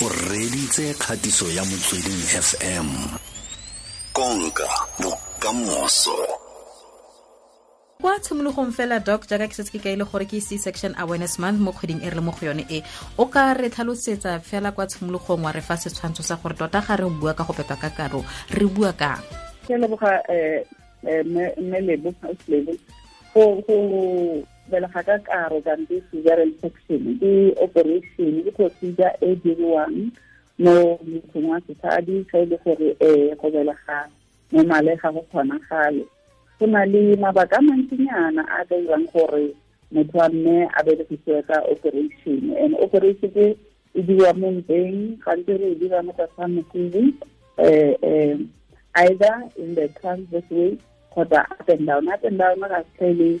o reditse kgatiso ya motsweding fm konka bokamoso kwa tshimologong fela doc jaaka ke setse ke kaile gore ke c section awareness month mo kgweding e re le mo go yone e o ka re tlhalosetsa fela kwa tshimologong wa re fa setshwantsho sa gore tota ga re bua ka go pepa ka karo re bua ka ke leboga um melebo house level ga ka karo kampe cesarean infection, ke operation ke procedure e diriwang mo tsena se sesadi ga e le gore e go belega mo male ga go kgonagale go na le mabaka a mantsinyana a ka irang gore motho wa mme a belegisiwe ka operation and operation ke e diriwa mo mpeng gantse re e dira mo tlasa mokudi either in the transverse way kgotsa up and down up and down ga se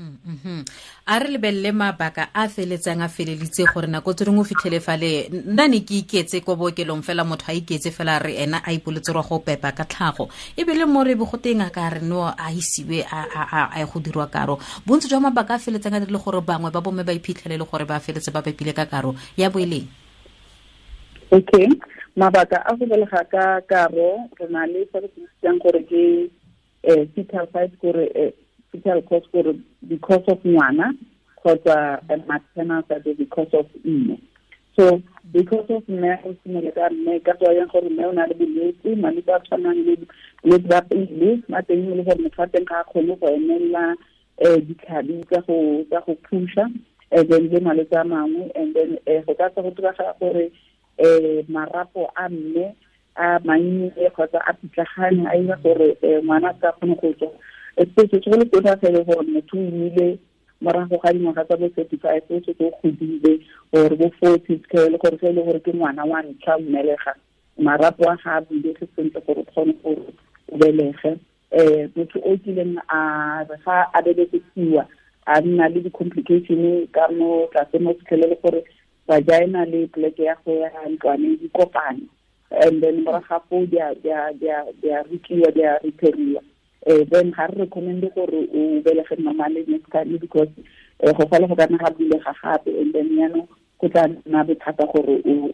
Mm, mm-hmm. a re lebelele mabaka a feletsang a feleleditse gore nako tse dingwe o fitlhele fale nna ne ke iketse ko bookelong fela motho a iketse fela re ena a ipolotserwa go pepa ka tlhago e be le mo re bego teng a ka re no a isiwe a ye go dirwa karo bontsi jwa mabaka a feletsang a dirile gore bangwe ba bome ba iphitlhele le gore ba feletse ba pepile ka karo ya boeleng okay mabaka a go belega ka karo re na le se re tsang gore ke um eh, fetal five kore eh, hospital cost gore because of ngwana kgotsa maternal because of mme so because of mme go simole ka mme ka tswa yang gore mme o na le bolwetse malwetse a tshwanang le bolwetse and then le malwetse a and then um go tsa go diragala gore um marapo a mme a mannye kgotsa a pitlagane a ira gore ka eh, kgone go tswa especially go le tota se le gore motho o mara morago ga dingwaga tsa bo thirty five o setse o or bo 40 ke e le gore ke e le gore ke ngwana wa ntlha mmelega marapo a ga a ke sentle gore tsone gore o belege eh motho o kileng a re ga a tsiwa a nna le di-complication ka mo se mo le gore ena le pleke ya go ya ntlwaneng di kopane and then mara ga foo di a rekiwa di a repaiwa eh then ga re recommend gore o belege mama le nextani because go fa le go ka nna ga bile ga gape and then yana go tla nna bothata gore o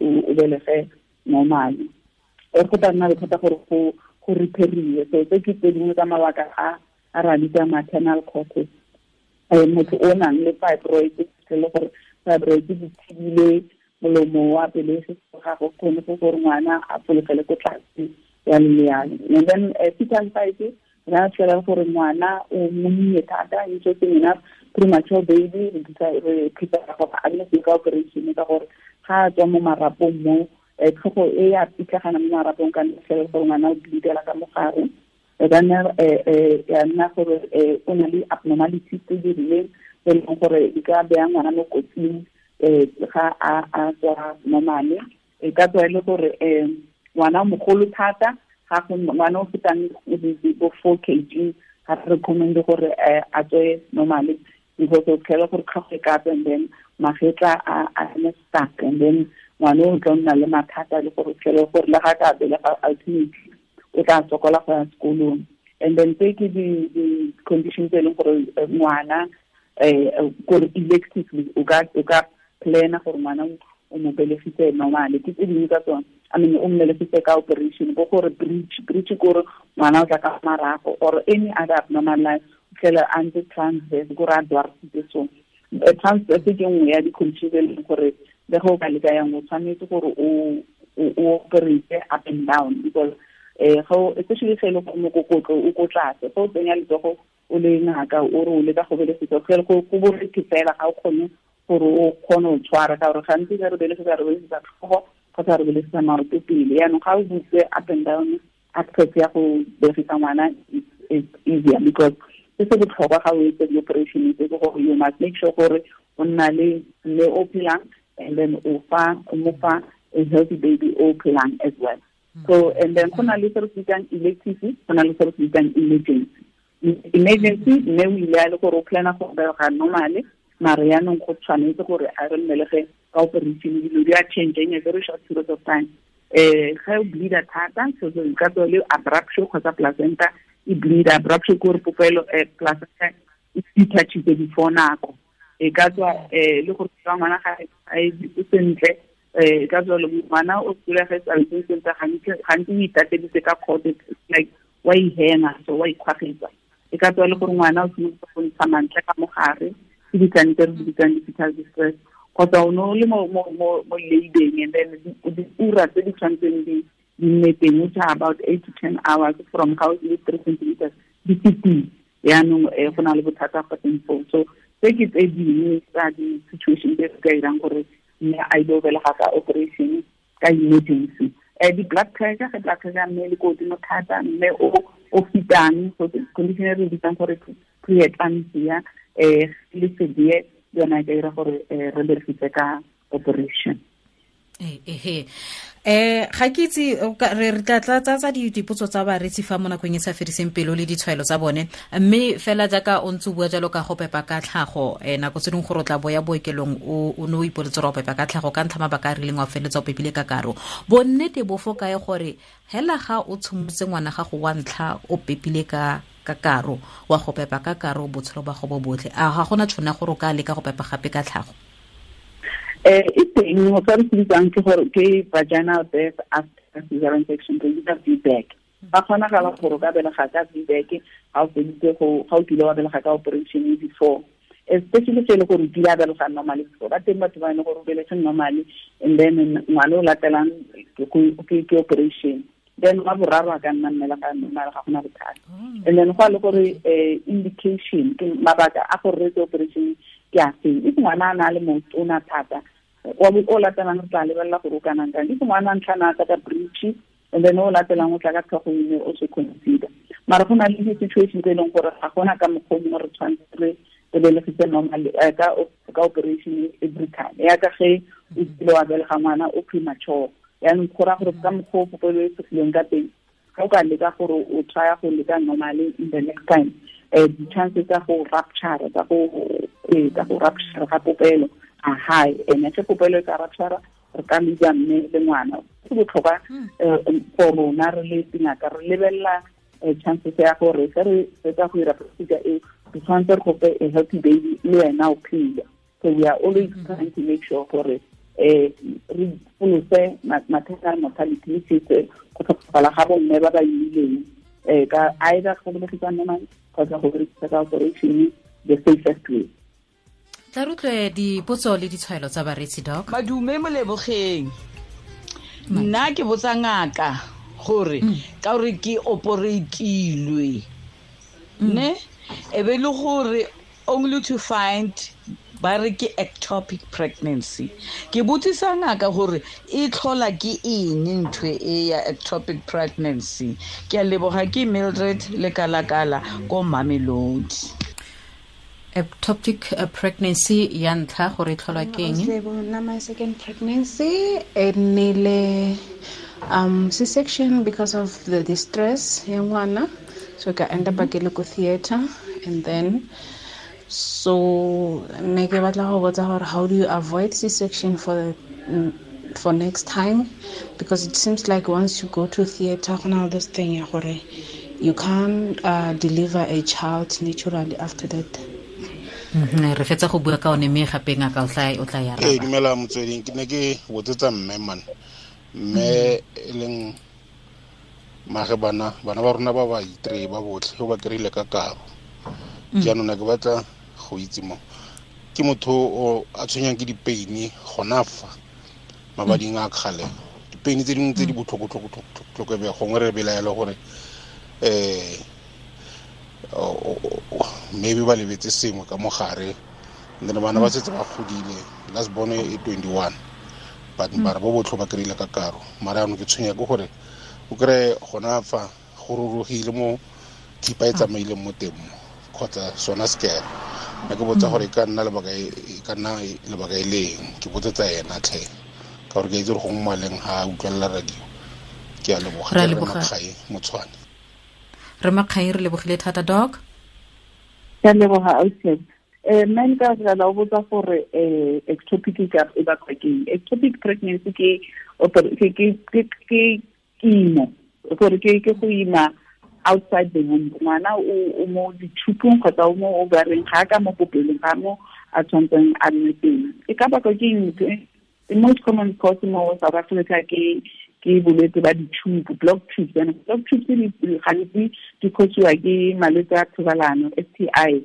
o belege normal e go tla nna bothata gore go go repairiwe so tse ke tse dingwe tsa mabaka a a rabitsa maternal causes eh motho o nang le fibroid ke le gore fibroid di tsile molomo wa pele se se ga go kgone go gore ngwana a folofele ko tlase ya lenyalo and then fetal uh, five ra tshwela gore ngwana o monnye thata interesting e enough premature baby re prepare gore a le se ka operation ka gore ga a tswa mo marapong mo e, tlhogo e ya pitlagana mo marapong ka ntlha gore ngwana o bleedela ka mogare e ka nna e, ya nna gore o na le abnormality tse di rileng e leng gore di ka beya ngwana mo kotsing ga a tswa mo mane e ka tswa e le gore um ngwana mogolo thata ga go ngwana o fetang bo four k g ga re recommende gore eh, a tswe normally because o tlhela gore kgagwe kape and then magetla a ne stuck and then ngwana o tlo nna le mathata le gore tlhele gore le ga ka belega ultimately o tla sokola go ya sekolong and then tse ke di-condition tse e leng gore eh, ngwana um eh, gore electively o ka plana gore ngwana o mo belegise normale ke tse dingwe tsa tsone Amin, ou mele um, fite ka operisyon. Bo kore brinj, brinj kore mwana wakaf marako. Or eni agar nanman la, kele anje transhez, gora dwars de son. Transhez de geng ou yadi kounchi veli kore, de ho kaliga yango, sanye tukoro ou operisyon apen dawn. Ikol, e kou, ete chile chelo koumou koukou, koukou chase. Kou denya li toho, ou le ina ka, ouro ou le da kouveli fito. Kou kou, koumou reki fela, kou kono, kouro ou kono chwara. Kouro sanye tukoro, dele f kgotsa re bolesana gore ke pele yaanong ga o buse up and down access ya go begisa ngwana is easier because se se botlhokwa ga o etse di-operation tse ke gore you must make sure gore o nna le mme o phelang and then o fa o mo fa a healthy baby o phelang as well so and then go na le se re se bitsang elective go na le se re se bitsang emergency emergency mme o ile a le gore o plana go bega normale mare yaanong go tshwanetse gore a re mmelege operating in the change in a very short period of time eh how bleed a tartan so the caso le abruptio cosa placenta e bleed abruptio corpo pelo e placenta e si tachi de fona ko e caso eh le go tswa mana ga e e sentle eh caso le mana o tsula ga tsa le sentle ga ntse ga ntse e tate di se ka khote like why hena so why kwakhetsa e caso le gore ngwana o tsimo go ntsha mantle ka mogare e di tsantere di tsantere di tsantere kgotsa o ne o le mo lading and then diura tse di tshwantseng di nne teng which are about eight to ten hours from house le three centimeters di fetile yaanong um go na le bothata gateng foo so tse ke tse dingwe tsa di-situation tse se ka irang gore mme a ile o belega ka operation ka emergency um di-blood pressure ge blood pressure mme le ko godimo thata mme o fetang condition e re bitsang gore preeclampsia um le severe yona ke dira gore eh, re le fitse ka operation ehe eh, um eh. eh, ga ke itse re tla tla tsatsa dipotso tsa baretsi fa mo nakong e sa fediseng pelo le ditshwaelo tsa bone mme fela jaaka o ntse bua jalo ka go pepa ka tlhago um nako tse dingwe gore o tla boya bookelong o ne o ipoletse gore o pepa ka tlhago ka ntlha mabaka a rileng wa feleletsa o pepile ka karo bonnete bofo kae gore hela ga o tshomotse ngwana gago wa ntlha o pepile ka ka karo wa go pepa ka karo botshelo ba go bo botlhe a ga gona tshona gore o ka leka go pepa gape ka tlhago e teng go tsa re seditsang ke gore ke vagina birth after caesar infection ke ka feedback ba kgona gala gore ka belega ka feedback ga o feditse go ga o kile wa ga ka operation e before especially se e le gore o kile a belega normally before ba teng batho ba e le gore o beletse normally and then ngwana o latelang ke operation then wa boraro a ka nna mmela ga normal ga gona bothata and then go a le gore indication ke mabaka a gore retse operation ke a feng if ngwana a na le motona thata wa bo o latelang re tla lebelela gore o kanang kang ke ngwana ntlhana ka ka breach and then o latelang o tla ka tlhogoine o se consider mara go na le di-situation tse e leng gore ga gona ka mokgwa mo re tshwanetse re e belegise normal eh, ka operation every time yaka ge o kile wa belega ngwana o premature yaanong go raya gore ka mokgwa o popelo e segileng ka teng ga o ka leka gore o try go leka normale in the next time um eh, di-chances tsa go rupture tsa go eh, rupture ga popelo a ah, hai ene se kopela ka ba ra tshwara re ka le ja le ngwana hmm. eh, re lebella eh, chances ya gore se re se ka fira prosika e se tsantsa go pe e baby le ena o so we are always hmm. trying to make sure gore e re pone maternal mortality ke se go tsala ha bonne ba ba ka aida go le fitlana mang ka go re tsaka gore the safest way tla rutlwe utlwe dipotso le ditshwaelo tsa baretsi doc madume molebogeng nna ke botsa ngaka gore mm. ka gore ke operatilwe mm. ne e be e le gore only to find ba re ke ectopic pregnancy ke botsisa ngaka gore e tlhola ke eng ntho e ya ectopic pregnancy ke a leboga ke mildred lekalakala ko mamelodi ectopic uh, pregnancy ya ntlha gore e tlholwa ke eng my second pregnancy e nnile um c section because of the distress ya ngwana so ka end up mhm. ke le ko theater and then so ne ke batla go botsa gore how do you avoid c section for the mm, for next time because it seems like once you go to theater all this thing you can't uh, deliver a child naturally after that re fetsa go bua ka one mme gape ngaka o tla o tla ya ee dumela motsweding ke ne ke botsetsa mme man mme e leng mage bana bana ba rona ba ba itree ba botlhe o ba kry-ile ka kabo jaanong na ke batla go itse mo ke motho o a tshwenyang ke dipeine gona fa mabading a kgale dipeine tse dingwe tse di botlhokotlhokotlhokobe gongwe re belaele gore um maybe ba lebetse sengwe ka mogare and then bana ba setse ba godile last born e 21 but mara hmm. bo botlho ba kry-ile ka karo mara yanong ke tshwenya ke gore o kry gona fa go rurugile mo thipa e hmm. tsamaileng mo teng mo kgotsa sona scare a ke botsa hmm. gore e, e, e ka nna lebaka e leng ke botsetsa ena tlhe ka gore ke itse gore go mmaleng ga a utlwelela radio ke a leboga makgae motshwane re makgae re lebogile thata dog ka leboga autleng eh, um nna nka fela o botsa gore um eh, ectopic e bakwa keng ectopic pregnancy ke imo gore ke go ima outside the womb ngwana o mo dithupong kgotsa o mo o bareng ga ka mo popelong ga mo a tshwantseng a nne teng e ka bakwa ke eng the most common cause mo south africa ke ke bolwetse ba ditshupo block trips and block trips gantsi di khosiwa ke malwetse a thobalano STI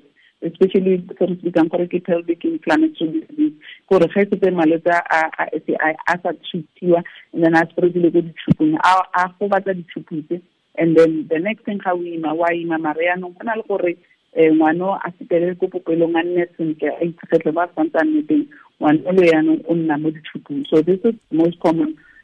especially ke re speakang gore ke pelvic inflammatory disease gore ga se malwetse a STI sa and then a spreadile go ditshupong a a ditshuputse and then the next thing ga o ima wa ima mare yaanong go na le gore eh, ngwano a setelele ko popelong a nne sentle a ba santse a nne teng ngwano le yaanong o nna mo ditshupong so this is most common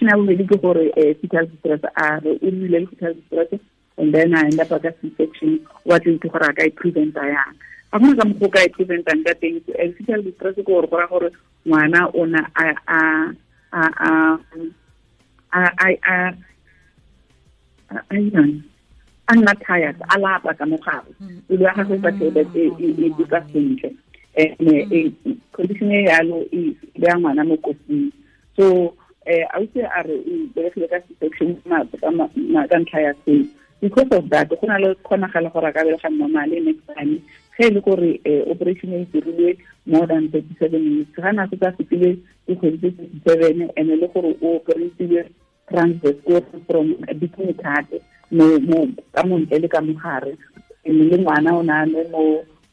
na bobedi ke gore eh, um fetal distress a re o rile le fetal distress and then a end up ka c-section o batla gore a ka e preventa yang a gona ka mokgwa ka e preventang ka teng fetal distress ke gore go gore ngwana ona na a a nna tired a lapa ka mogare pelo mm. ya gagwe sa tablet e buka e, e, e sentle um eh, mm. eh, condition e yalo e beya ngwana mo kotsing so eh a utse a re e belegile ka section ka ntlha ya seo because of that go na le kgonagalo gore a ka belega next time ge e le gore eh, operation e dirilwe more than thirty seven minutes ga na se tsa fetile dikgwedi tse thirty seven le gore o from dikinitate ka montle le ka mogare and le ngwana o ne mo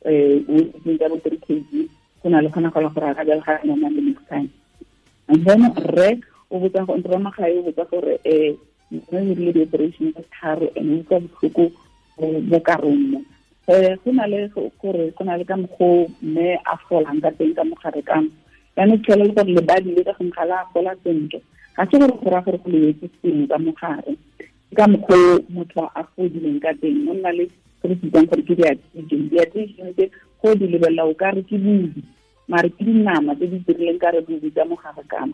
um ka bo three k g go na le kgonagalo gore a ka belega next time and then o botsa go ma magae o botsa gore eh mme o le operation ka tharo and e o ka botlhoko mo karong eh go na le gore go na le ka mgo mme a folang ka teng ka mogare ka ne tlhela le gore lebadi le ka go mogala a fola sentle ga se gore go ra gore go leetse seng ka mogare ka mgo motho a fodileng ka teng mo nna le se re sitsang gore ke di-attrition di di tse go di lebelela o ka re ke bodi mare ke dinama tse di dirileng ka re bodi tsa mogare kama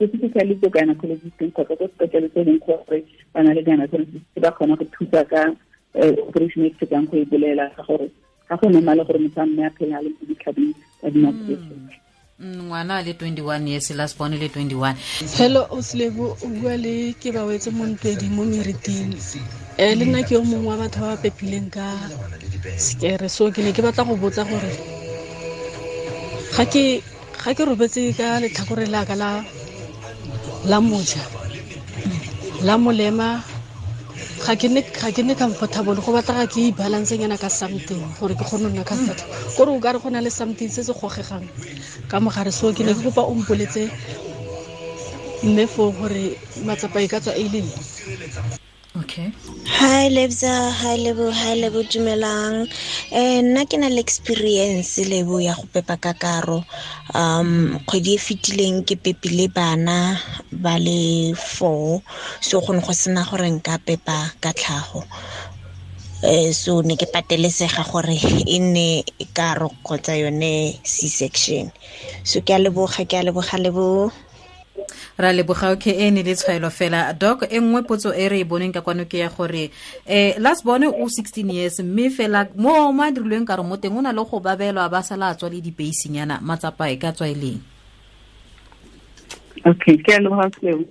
specifically ko gynecologisteng kgotsa ko sepetlele e leng gore ba na le gynecologist ba kgona go thusa ka eh, operation e ke go e bolela ka gore ga go le gore motho a mme a phela a le mo ditlhabeng tsa dinao mm, mm, ngwana le 21 years last born e le 21 hello oslebo o bua le ke ba wetse mo ntwedi mo meriting um le nna ke yo mongwe wa batho ba ba pepileng ka sekere so ke ne ke batla go botsa gore ga ke robetse ka letlhakore laka la la moja la molema ga ke ne comfortable go batlaga ke ibalanceng yana ka something gore ke kgone go nna ka setho kore o ka re go na le something se se gogegang ka mogare seo ke ne ke kopa o mpoletse mme foo gore matsapa e ka tswa e le okay hi lebza hi lebo hi lebo dumelang eh nna ke na le experience lebo ya go pepa kakaro um kgwedi e fetileng ke pepile bana ba le four so go ne go sena gore nka pepa ka tlhago eh so ne ke patelesega gore e ne ka ro kgotsa yone c section so ke a leboga ke a leboga lebo ra leboga okay e ne le tshwaelo fela doc e nngwe potso e re e boneng ka kwano ke ya gore um eh, last bone o sixteen years mme fela mo a dirilweng ka mo teng o na le go babelwa ba sala a tswa le dipeising yana matsapa e ka tswa e leng okay ke a leboga seo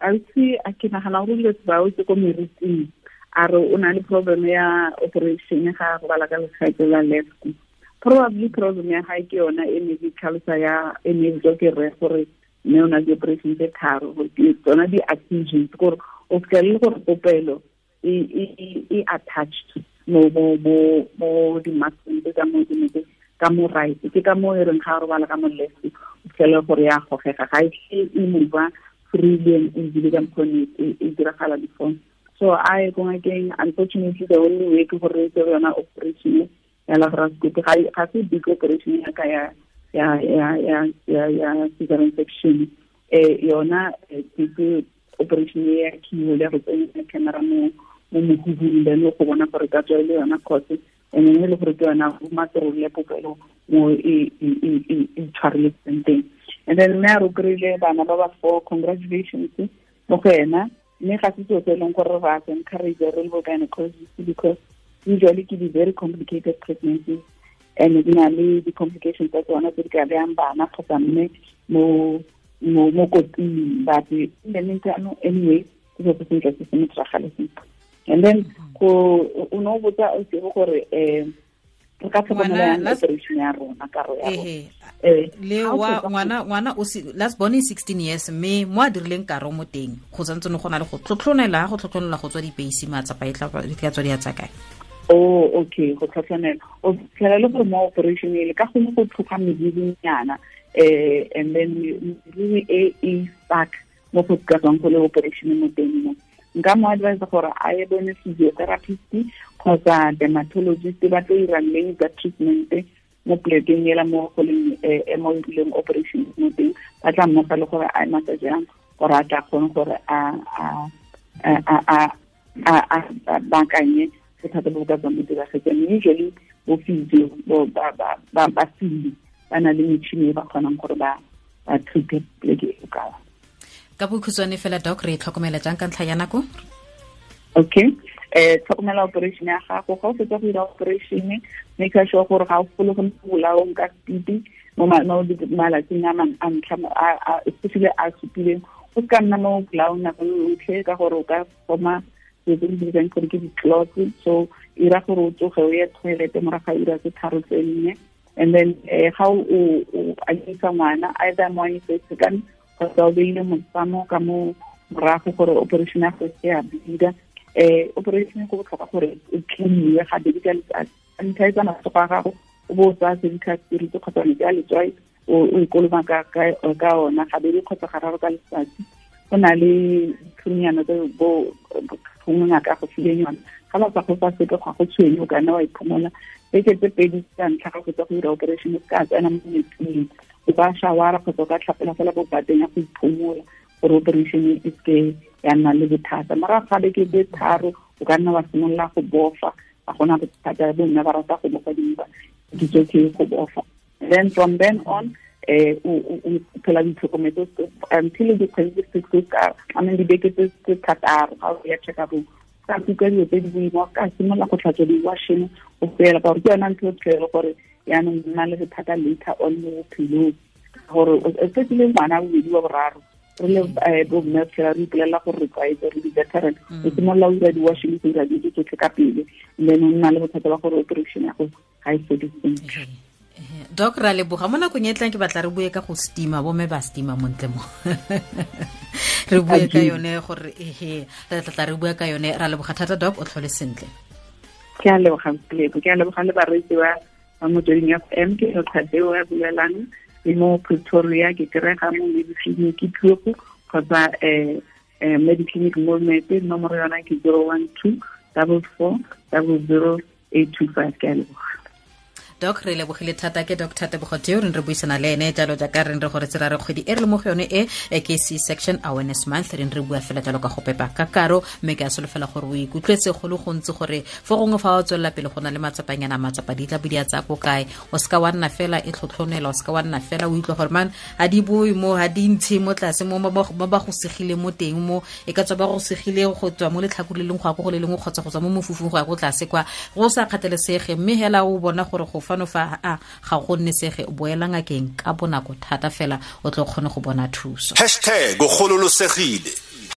ausi a ke nagana gore dilo tsebaotse ko meriting a re o na le problem ya operation ga go bala ka legato la left probably problem ya gae ke yona e ne ke tlhalosa ya e ne ke re gore mme o na le operation tse tharo tsona di-actions gore o fitlhelele gore popelo e attached mo di tse ka tse ka mo right ke ka mo e reng ga re bala ka mo left o fitlhelele gore ya gogega ga e mova ka mokgone e diragala so a ye ko ngakeng unfortunately the only way ke gore yona operation ya ga se big operation ya ka ya ya ya ya ya ya cesarean infection eh yona eh, ke operation ya kimo le go tsena camera mo mo mohubung le go bona gore ka tswa le yona cause and then le gore ke yona matrole ya popelo mo e e e e tshwarile teng and then nna re kry bana ba ba four congratulations mo go ena mme ga se tso tse leng gore re encourage re le bo because usually ke di very complicated pregnancies and di na le di-complications tsa tsona tse di ka beyang bana kgotsa mme mo mo but eh, in anyway ke setse sentle se se and then o ne o botsa o tsebo gore um re ka tlhokomela ya rona karo ya eh, ngwana last born in sixteen years mme mo a dirileng karo mo teng go santse ne go na le go tlhotlhonela go tlhotlhonela go tswa dipeisi matsapa e tla tswa di a tsakae oh okay go tlhotlhanela o tlhela le gore mo operation ele ka gongwe go tlhoka medidinyana um eh, and then mediri e e stuck mo go katswang go le operation mo teng mo nka mo advise gore a ye bone physiotherapist kgotsa dermatologist ba tlo 'irang leng ka treatment mo plekeng ela mo go leng eh, mo irileng operation mo teng ba tla mmoga le gore a e matsa jang gore a tla kgone gore a a a a a baakanye bothata bo bo ka tswang bodiragetseng mme usually bo fisio basedi ba na le metšhini e ba kgonang gore ba treate pleke eo ka ka bokhutshwane fela doc re tlhokomela jang ka ntlha ya nako okay um eh, tlhokomela operation ya gago ga o fetsa go dira operation make sure gore ga o fole go bolaong ka speedi mo malatsing a ntlha especially a supileng o ka nna mo bolaong nako yotlhe ka gore o ka foma se be di bang ke di clock so ira gore o tsoge o ye toilet mora ga ira tse tharo tse nne and then ga o a ngwana either mo ni se se kan o beile ile mo ka mo morago gore operation ya go se ya bida eh operation go botlhokwa gore o tlhomiwe ga bedi ka letsatsi sanitize matsogo a gago o bo sa se ka tse kgotsa le ya letswai o ikoloma ka ka ona ga kgotsa gararo ka letsatsi go na le dithunyana tse bo phomona ka go ba go fa go ka nna wa tse pedi tsa ntlha go dira operation mo metsing o shawara tlhapela fela bateng ya go gore operation e ya nna le bothata mara ga tharo o ka nna wa simolola go bofa ga gona bothata bo nna ba rata go bofa dimpa ke go bofa then from then on eh o phela ditlhokometso until dikgwedi tse six ka amen dibeke tse thataro ga o ya check-upong ka kuka dilo tse di boima ka simolola go tlhatswa di-washing go fela ka gore ke yona ntho e tlhele gore yaanong nna le lethata later on mo bophelong gore especially ngwana bobedi wa boraro re le eh, bo mme phela re ipolelela gore re tlwaetse re di-veteran mm. re simolola o dira di-washing se dira dilo tsotlhe ka pele then o nna le bothata ba gore operation ya go ga e sedi dok ra leboga mo nakong e tlang ke batla re bue ka go bo bomme ba stima montle mo re bue ka yone gore ehe re tla re bua ka yone ra leboga thata dok o tlhole sentle ke a leboga mpileko ke a leboga le bareetsi ba ba motsweding f m ke o a bulelang le mo pretoria ke kry-ga mo ke tloko kgotsa um mediclinic mo mete nomoro yona ke zero one two double four double zero eight two five ke a leboga doc re lebogile thata ke doc thatabogoteo re re buisana le ene jalo jaaka re re gore tsela re kgwedi e re le mo go yone e ke c section awareness month re re bua fela jalo ka go pepa karo mme ke a fela gore o ikutlwetse go le gontsi gore fo gongwe fa o tswelela pele go na le matsapanyana matsapa di tla bodia tsa a ko kae o seka wa nna fela e tlhotlhonela o seka wa nna fela o itlo gore man ga di boi mo ga di ntse mo tlase mo ba ba go segile mo teng mo e ka tswa ba go segile go tswa mo letlhakoleleng go ya ko go le lengwe kgotsa go tswa mo mofufung go ya ko tlase kwa go sa kgathelesege mme hela o bona gore go fa tshwano fa a ga go nnesege boela ngakeng ka bonako thata fela o tle o kgone go bona thuso hashtag gololosegile